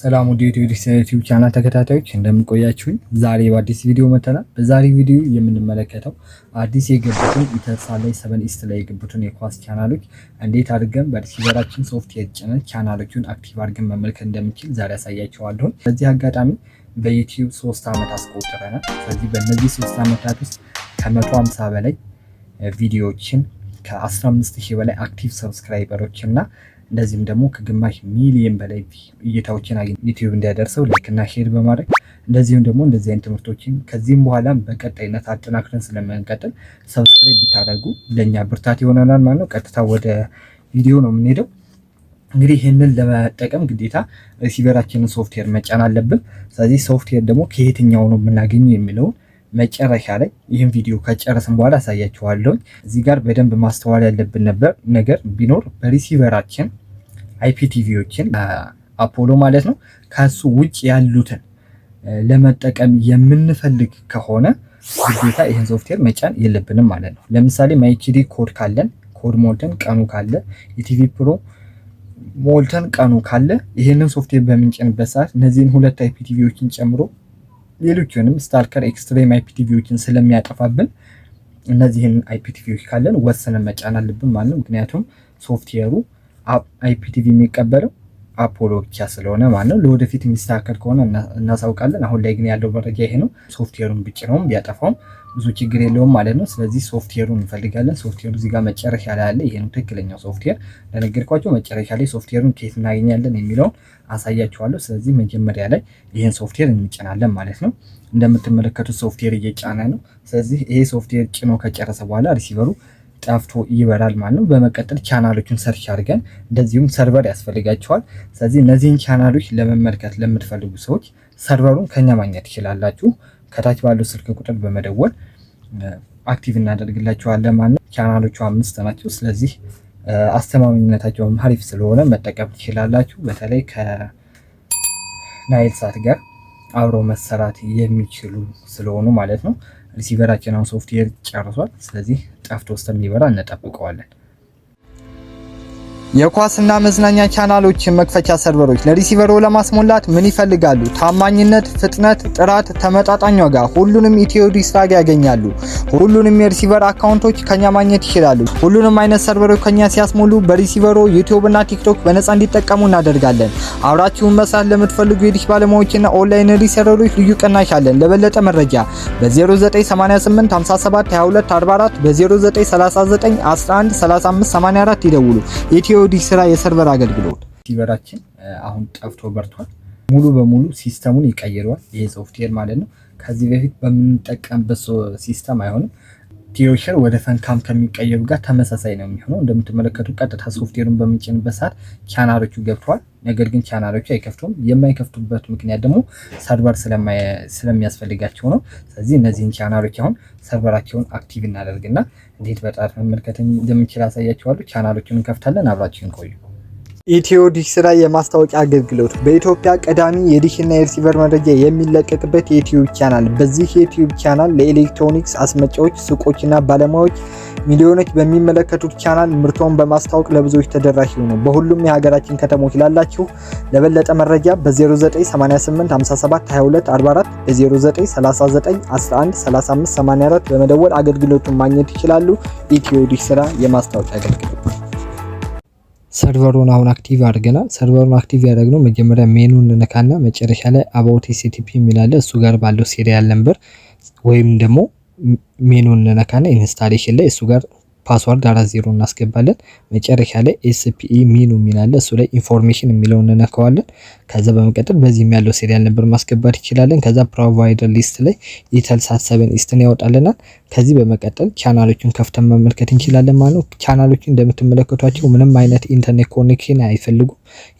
ሰላም ወደ ዩቲዩብ ዲሽ ዩቲዩብ ቻናል ተከታታዮች እንደምንቆያችሁኝ፣ ዛሬ በአዲስ ቪዲዮ መተናል። በዛሬ ቪዲዮ የምንመለከተው አዲስ የገቡትን ኢተርሳ ላይ ሰቨን ኢስት ላይ የገቡትን የኳስ ቻናሎች እንዴት አድርገን በሪሲቨራችን ሶፍትዌር ጭነን ቻናሎቹን አክቲቭ አድርገን መመልከት እንደምንችል ዛሬ ያሳያቸዋለሁኝ። በዚህ አጋጣሚ በዩቲዩብ ሶስት ዓመት አስቆጥረናል። ስለዚህ በእነዚህ ሶስት ዓመታት ውስጥ ከመቶ ሃምሳ በላይ ቪዲዮዎችን ከ15 ሺህ በላይ አክቲቭ ሰብስክራይበሮች እና እንደዚህም ደግሞ ከግማሽ ሚሊየን በላይ እይታዎችን ዩቲዩብ እንዲያደርሰው ላይክና ሼር በማድረግ እንደዚሁም ደግሞ እንደዚህ አይነት ትምህርቶችን ከዚህም በኋላ በቀጣይነት አጠናክረን ስለምንቀጥል ሰብስክራይብ ብታደርጉ ለእኛ ብርታት ይሆነናል ማለት ነው። ቀጥታ ወደ ቪዲዮ ነው የምንሄደው። እንግዲህ ይህንን ለመጠቀም ግዴታ ሪሲቨራችንን ሶፍትዌር መጫን አለብን። ስለዚህ ሶፍትዌር ደግሞ ከየትኛው ነው የምናገኙ የሚለውን መጨረሻ ላይ ይህን ቪዲዮ ከጨረስን በኋላ አሳያችኋለሁ። እዚህ ጋር በደንብ ማስተዋል ያለብን ነበር ነገር ቢኖር በሪሲቨራችን አይፒቲቪዎችን አፖሎ ማለት ነው ከሱ ውጭ ያሉትን ለመጠቀም የምንፈልግ ከሆነ ግዴታ ይህን ሶፍትዌር መጫን የለብንም ማለት ነው። ለምሳሌ ማይችዲ ኮድ ካለን ኮድ ሞልተን ቀኑ ካለ የቲቪ ፕሮ ሞልተን ቀኑ ካለ ይህንን ሶፍትዌር በምንጭንበት ሰዓት እነዚህን ሁለት አይፒቲቪዎችን ጨምሮ ሌሎችንም ስታርከር ኤክስትሬም አይፒቲቪዎችን ስለሚያጠፋብን እነዚህን አይፒቲቪዎች ካለን ወስነን መጫን አለብን ማለት ነው። ምክንያቱም ሶፍትዌሩ አይፒቲቪ የሚቀበለው አፖሎ ብቻ ስለሆነ ማለት ነው። ለወደፊት የሚስተካከል ከሆነ እናሳውቃለን። አሁን ላይ ግን ያለው መረጃ ይሄ ነው። ሶፍትዌሩን ቢጭነውም ቢያጠፋውም ብዙ ችግር የለውም ማለት ነው። ስለዚህ ሶፍትዌሩን እንፈልጋለን። ሶፍትዌሩ እዚህ ጋር መጨረሻ ላይ አለ። ይሄ ነው ትክክለኛው ሶፍትዌር። ለነገርኳቸው መጨረሻ ላይ ሶፍትዌሩን ከየት እናገኛለን የሚለውን አሳያችኋለሁ። ስለዚህ መጀመሪያ ላይ ይህን ሶፍትዌር እንጭናለን ማለት ነው። እንደምትመለከቱት ሶፍትዌር እየጫነ ነው። ስለዚህ ይሄ ሶፍትዌር ጭኖ ከጨረሰ በኋላ ሪሲቨሩ ጣፍቶ ይበራል ማለት ነው። በመቀጠል ቻናሎችን ሰርች አድርገን እንደዚሁም ሰርቨር ያስፈልጋቸዋል። ስለዚህ እነዚህን ቻናሎች ለመመልከት ለምትፈልጉ ሰዎች ሰርቨሩን ከኛ ማግኘት ትችላላችሁ። ከታች ባለው ስልክ ቁጥር በመደወል አክቲቭ እናደርግላቸዋለን ማለት ነው። ቻናሎቹ አምስት ናቸው። ስለዚህ አስተማማኝነታቸውም ሀሪፍ ስለሆነ መጠቀም ትችላላችሁ። በተለይ ከናይል ሳት ጋር አብረው መሰራት የሚችሉ ስለሆኑ ማለት ነው። ሪሲቨራችን አሁን ሶፍትዌር ጨርሷል። ስለዚህ ጠፍቶ ሊበራ እንጠብቀዋለን። የኳስና መዝናኛ ቻናሎች መክፈቻ ሰርቨሮች ለሪሲቨሮ ለማስሞላት ምን ይፈልጋሉ? ታማኝነት፣ ፍጥነት፣ ጥራት፣ ተመጣጣኝ ዋጋ። ሁሉንም ኢትዮ ዲሽ ያገኛሉ። ሁሉንም የሪሲቨር አካውንቶች ከኛ ማግኘት ይችላሉ። ሁሉንም አይነት ሰርቨሮች ከኛ ሲያስሞሉ በሪሲቨሮ እና ቲክቶክ በነፃ እንዲጠቀሙ እናደርጋለን። አብራችሁን መስራት ለምትፈልጉ የዲሽ ባለሙያዎችና ኦንላይን ሪሰለሮች ልዩ ቅናሽ አለን። ለበለጠ መረጃ በ 0988572244 በ0939 ይደውሉ። ኢትዮ የሲኦዲ ስራ የሰርቨር አገልግሎት ሲቨራችን አሁን ጠፍቶ በርቷል። ሙሉ በሙሉ ሲስተሙን ይቀይረዋል ይሄ ሶፍትዌር ማለት ነው። ከዚህ በፊት በምንጠቀምበት ሲስተም አይሆንም። ቲዮሽር ወደ ፈንካም ከሚቀየሩ ጋር ተመሳሳይ ነው የሚሆነው። እንደምትመለከቱ ቀጥታ ሶፍትዌሩን በምንጭንበት ሰዓት ቻናሎቹ ገብተዋል። ነገር ግን ቻናሎቹ አይከፍቱም። የማይከፍቱበት ምክንያት ደግሞ ሰርቨር ስለሚያስፈልጋቸው ነው። ስለዚህ እነዚህን ቻናሎች አሁን ሰርቨራቸውን አክቲቭ እናደርግና እንዴት በጣት መመልከት እንደምንችል አሳያቸዋሉ። ቻናሎቹን እንከፍታለን። አብራችን ቆዩ። ኢትዮ ዲሽ ስራ የማስታወቂያ አገልግሎት በኢትዮጵያ ቀዳሚ የዲሽና የሪሲቨር መረጃ የሚለቀቅበት የዩቲዩብ ቻናል። በዚህ የዩቲዩብ ቻናል ለኤሌክትሮኒክስ አስመጪዎች፣ ሱቆችና ባለሙያዎች ሚሊዮኖች በሚመለከቱት ቻናል ምርቶን በማስታወቅ ለብዙዎች ተደራሽ ይሆኑ በሁሉም የሀገራችን ከተሞች ላላችሁ ለበለጠ መረጃ በ0988572244 በ0939113584 በመደወል አገልግሎቱን ማግኘት ይችላሉ። ኢትዮ ዲሽ ስራ የማስታወቂያ አገልግሎት ሰርቨሩን አሁን አክቲቭ አድርገናል። ሰርቨሩን አክቲቭ ያደረግነው መጀመሪያ ሜኑን እንነካና መጨረሻ ላይ አባውት ኤስቲፒ የሚላለ እሱ ጋር ባለው ሲሪያል ነምበር ወይም ደግሞ ሜኑን እንነካና ኢንስታሌሽን ላይ እሱ ጋር ፓስዋርድ አራት ዜሮ እናስገባለን። መጨረሻ ላይ ኤስፒኢ ሚኑ የሚላለ እሱ ላይ ኢንፎርሜሽን የሚለው እንነካዋለን። ከዛ በመቀጠል በዚህም ያለው ሴሪያል ነበር ማስገባት ይችላለን። ከዛ ፕሮቫይደር ሊስት ላይ ኢተልሳት ሰቨን ኢስትን ያወጣልናል። ከዚህ በመቀጠል ቻናሎችን ከፍተን መመልከት እንችላለን ማለት ነው። ቻናሎቹ እንደምትመለከቷቸው ምንም አይነት ኢንተርኔት ኮኔክሽን አይፈልጉም።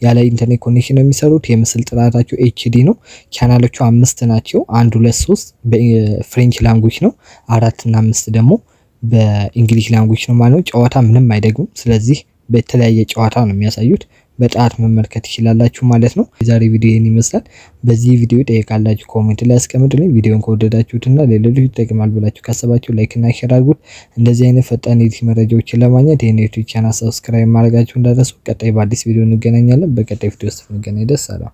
ያለ ኢንተርኔት ኮኔክሽን ነው የሚሰሩት። የምስል ጥራታቸው ኤችዲ ነው። ቻናሎቹ አምስት ናቸው። አንድ ሁለት ሶስት በፍሬንች ላንጉጅ ነው። አራት እና አምስት ደግሞ በእንግሊሽ ላንጉጅ ነው ማለት ነው። ጨዋታ ምንም አይደግምም። ስለዚህ በተለያየ ጨዋታ ነው የሚያሳዩት። በጣት መመልከት ይችላላችሁ ማለት ነው። የዛሬ ቪዲዮ ይህን ይመስላል። በዚህ ቪዲዮ ጠይቃላችሁ ኮሜንት ላይ አስቀምጡልኝ። ቪዲዮን ከወደዳችሁትና ለሌሎች ይጠቅማል ብላችሁ ካሰባችሁ ላይክ ላይክና ሼር አድርጉት። እንደዚህ አይነት ፈጣን የዩቲዩብ መረጃዎችን ለማግኘት ይህን ዩቲዩብ ቻናል ሰብስክራይብ ማድረጋችሁ እንዳደረሱ። ቀጣይ በአዲስ ቪዲዮ እንገናኛለን። በቀጣይ ቪዲዮ ውስጥ እንገናኝ። ደስ አለው